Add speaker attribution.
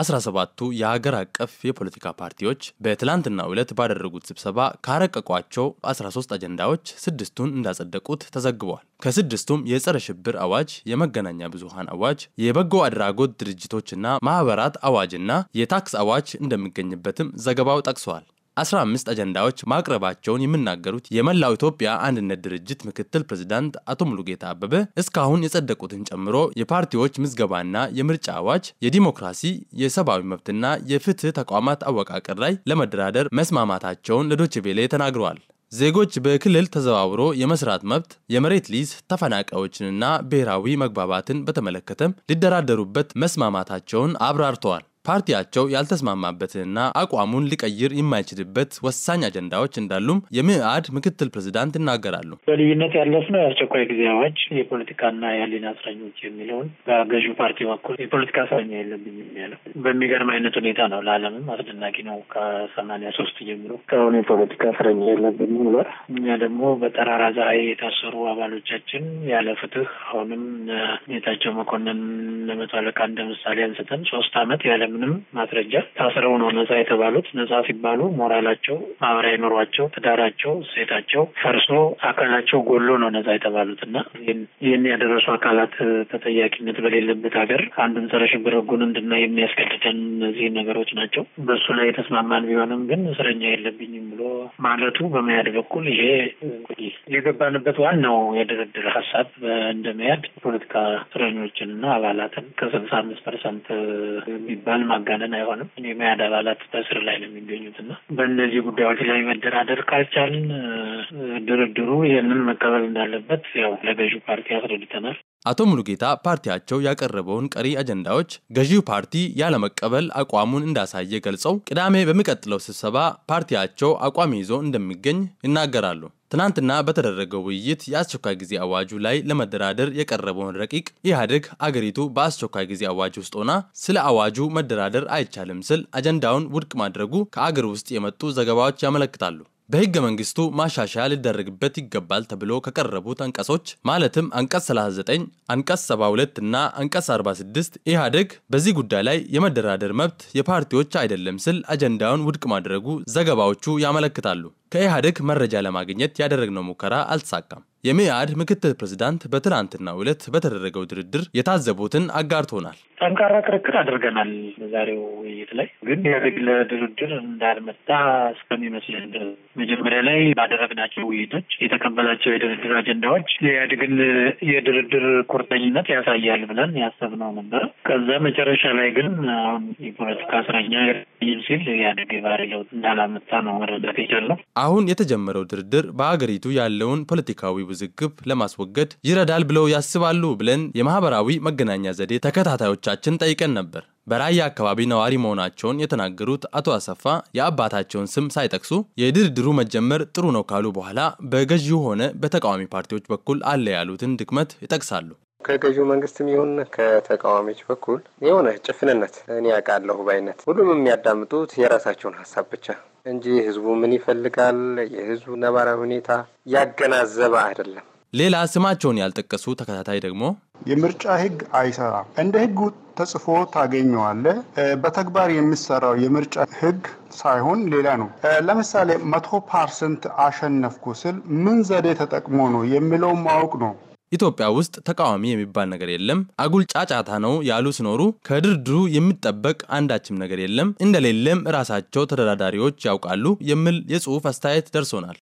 Speaker 1: 17ቱ የሀገር አቀፍ የፖለቲካ ፓርቲዎች በትላንትና ዕለት ባደረጉት ስብሰባ ካረቀቋቸው 13 አጀንዳዎች ስድስቱን እንዳጸደቁት ተዘግቧል። ከስድስቱም የጸረ ሽብር አዋጅ፣ የመገናኛ ብዙሃን አዋጅ፣ የበጎ አድራጎት ድርጅቶችና ማህበራት አዋጅና የታክስ አዋጅ እንደሚገኝበትም ዘገባው ጠቅሷል። 15 አጀንዳዎች ማቅረባቸውን የሚናገሩት የመላው ኢትዮጵያ አንድነት ድርጅት ምክትል ፕሬዚዳንት አቶ ሙሉጌታ አበበ እስካሁን የጸደቁትን ጨምሮ የፓርቲዎች ምዝገባና የምርጫ አዋጅ፣ የዲሞክራሲ የሰብአዊ መብትና የፍትህ ተቋማት አወቃቀር ላይ ለመደራደር መስማማታቸውን ለዶችቬሌ ተናግረዋል። ዜጎች በክልል ተዘዋውሮ የመስራት መብት፣ የመሬት ሊዝ፣ ተፈናቃዮችንና ብሔራዊ መግባባትን በተመለከተም ሊደራደሩበት መስማማታቸውን አብራርተዋል። ፓርቲያቸው ያልተስማማበትንና አቋሙን ሊቀይር የማይችልበት ወሳኝ አጀንዳዎች እንዳሉም የምዕአድ ምክትል ፕሬዚዳንት ይናገራሉ።
Speaker 2: በልዩነት ያለፍነው የአስቸኳይ ጊዜ አዋጅ፣ የፖለቲካና የህሊና እስረኞች የሚለውን በገዢው ፓርቲ በኩል የፖለቲካ እስረኛ የለብኝ የሚያለው በሚገርም አይነት ሁኔታ ነው። ለዓለምም አስደናቂ ነው። ከሰማንያ ሶስት ጀምሮ ከአሁኑ የፖለቲካ እስረኛ የለብኝ ብሏል። እኛ ደግሞ በጠራራ ፀሐይ የታሰሩ አባሎቻችን ያለ ፍትህ አሁንም ጌታቸው መኮንን ለመቶ አለቃ አንስተን ሶስት አመት ያለ ያለምንም ማስረጃ ታስረው ነው ነጻ የተባሉት። ነጻ ሲባሉ ሞራላቸው፣ ማህበራዊ ኑሯቸው፣ ትዳራቸው፣ እሴታቸው ፈርሶ አካላቸው ጎሎ ነው ነጻ የተባሉት እና ይህን ያደረሱ አካላት ተጠያቂነት በሌለበት ሀገር አንድን ጸረ ሽብር ህጉን እንድናይ የሚያስገድደን እነዚህ ነገሮች ናቸው። በሱ ላይ የተስማማን ቢሆንም ግን እስረኛ የለብኝም ብሎ ማለቱ በመያድ በኩል ይሄ የገባንበት ዋናው የድርድር ሀሳብ እንደመያድ ፖለቲካ እስረኞችን እና አባላትን ከስልሳ አምስት ፐርሰንት የሚባል ማን ማጋነን አይሆንም። መያድ አባላት በእስር ላይ ነው የሚገኙት እና በእነዚህ ጉዳዮች ላይ መደራደር ካልቻልን ድርድሩ ይህንን መቀበል እንዳለበት ያው ለገዢው ፓርቲ አስረድተናል።
Speaker 1: አቶ ሙሉጌታ ፓርቲያቸው ያቀረበውን ቀሪ አጀንዳዎች ገዢው ፓርቲ ያለመቀበል አቋሙን እንዳሳየ ገልጸው ቅዳሜ በሚቀጥለው ስብሰባ ፓርቲያቸው አቋም ይዞ እንደሚገኝ ይናገራሉ። ትናንትና በተደረገው ውይይት የአስቸኳይ ጊዜ አዋጁ ላይ ለመደራደር የቀረበውን ረቂቅ ኢህአዴግ አገሪቱ በአስቸኳይ ጊዜ አዋጅ ውስጥ ሆና ስለ አዋጁ መደራደር አይቻልም ስል አጀንዳውን ውድቅ ማድረጉ ከአገር ውስጥ የመጡ ዘገባዎች ያመለክታሉ። በህገ መንግስቱ ማሻሻያ ሊደረግበት ይገባል ተብሎ ከቀረቡት አንቀሶች ማለትም አንቀስ 39፣ አንቀስ 72 እና አንቀስ 46 ኢህአዴግ በዚህ ጉዳይ ላይ የመደራደር መብት የፓርቲዎች አይደለም ስል አጀንዳውን ውድቅ ማድረጉ ዘገባዎቹ ያመለክታሉ። ከኢህአዴግ መረጃ ለማግኘት ያደረግነው ሙከራ አልተሳካም። የመኢአድ ምክትል ፕሬዚዳንት በትናንትናው ዕለት በተደረገው ድርድር የታዘቡትን አጋርቶናል።
Speaker 2: ጠንካራ ክርክር አድርገናል። በዛሬው ውይይት ላይ ግን ኢህአዴግ ለድርድር እንዳልመጣ እስከሚመስለን መጀመሪያ ላይ ባደረግናቸው ውይይቶች የተቀበላቸው የድርድር አጀንዳዎች የኢህአዴግን የድርድር ቁርጠኝነት ያሳያል ብለን ያሰብነው ነበር። ከዛ መጨረሻ ላይ ግን አሁን የፖለቲካ እስረኛ ሲል ኢህአዴግ የባህሪ ለውጥ እንዳላመጣ ነው መረዳት የቻልነው።
Speaker 1: አሁን የተጀመረው ድርድር በአገሪቱ ያለውን ፖለቲካዊ ውዝግብ ለማስወገድ ይረዳል ብለው ያስባሉ ብለን የማህበራዊ መገናኛ ዘዴ ተከታታዮቻችን ጠይቀን ነበር። በራያ አካባቢ ነዋሪ መሆናቸውን የተናገሩት አቶ አሰፋ የአባታቸውን ስም ሳይጠቅሱ የድርድሩ መጀመር ጥሩ ነው ካሉ በኋላ በገዢው ሆነ በተቃዋሚ ፓርቲዎች በኩል አለ ያሉትን ድክመት ይጠቅሳሉ።
Speaker 2: ከገዢው መንግስትም ይሁን ከተቃዋሚዎች በኩል የሆነ ጭፍንነት እኔ ያውቃለሁ ባይነት ሁሉም የሚያዳምጡት የራሳቸውን ሀሳብ ብቻ እንጂ ህዝቡ ምን ይፈልጋል፣ የህዝቡ ነባራዊ ሁኔታ ያገናዘበ አይደለም።
Speaker 1: ሌላ ስማቸውን ያልጠቀሱ ተከታታይ ደግሞ የምርጫ ህግ አይሰራም፣ እንደ ህጉ ተጽፎ ታገኘዋለ። በተግባር የሚሰራው የምርጫ ህግ ሳይሆን ሌላ ነው። ለምሳሌ መቶ ፐርሰንት አሸነፍኩ ስል ምን ዘዴ ተጠቅሞ ነው የሚለው ማወቅ ነው። ኢትዮጵያ ውስጥ ተቃዋሚ የሚባል ነገር የለም፣ አጉል ጫጫታ ነው ያሉ ሲኖሩ ከድርድሩ የሚጠበቅ አንዳችም ነገር የለም እንደሌለም ራሳቸው ተደራዳሪዎች ያውቃሉ የሚል የጽሑፍ አስተያየት ደርሶናል።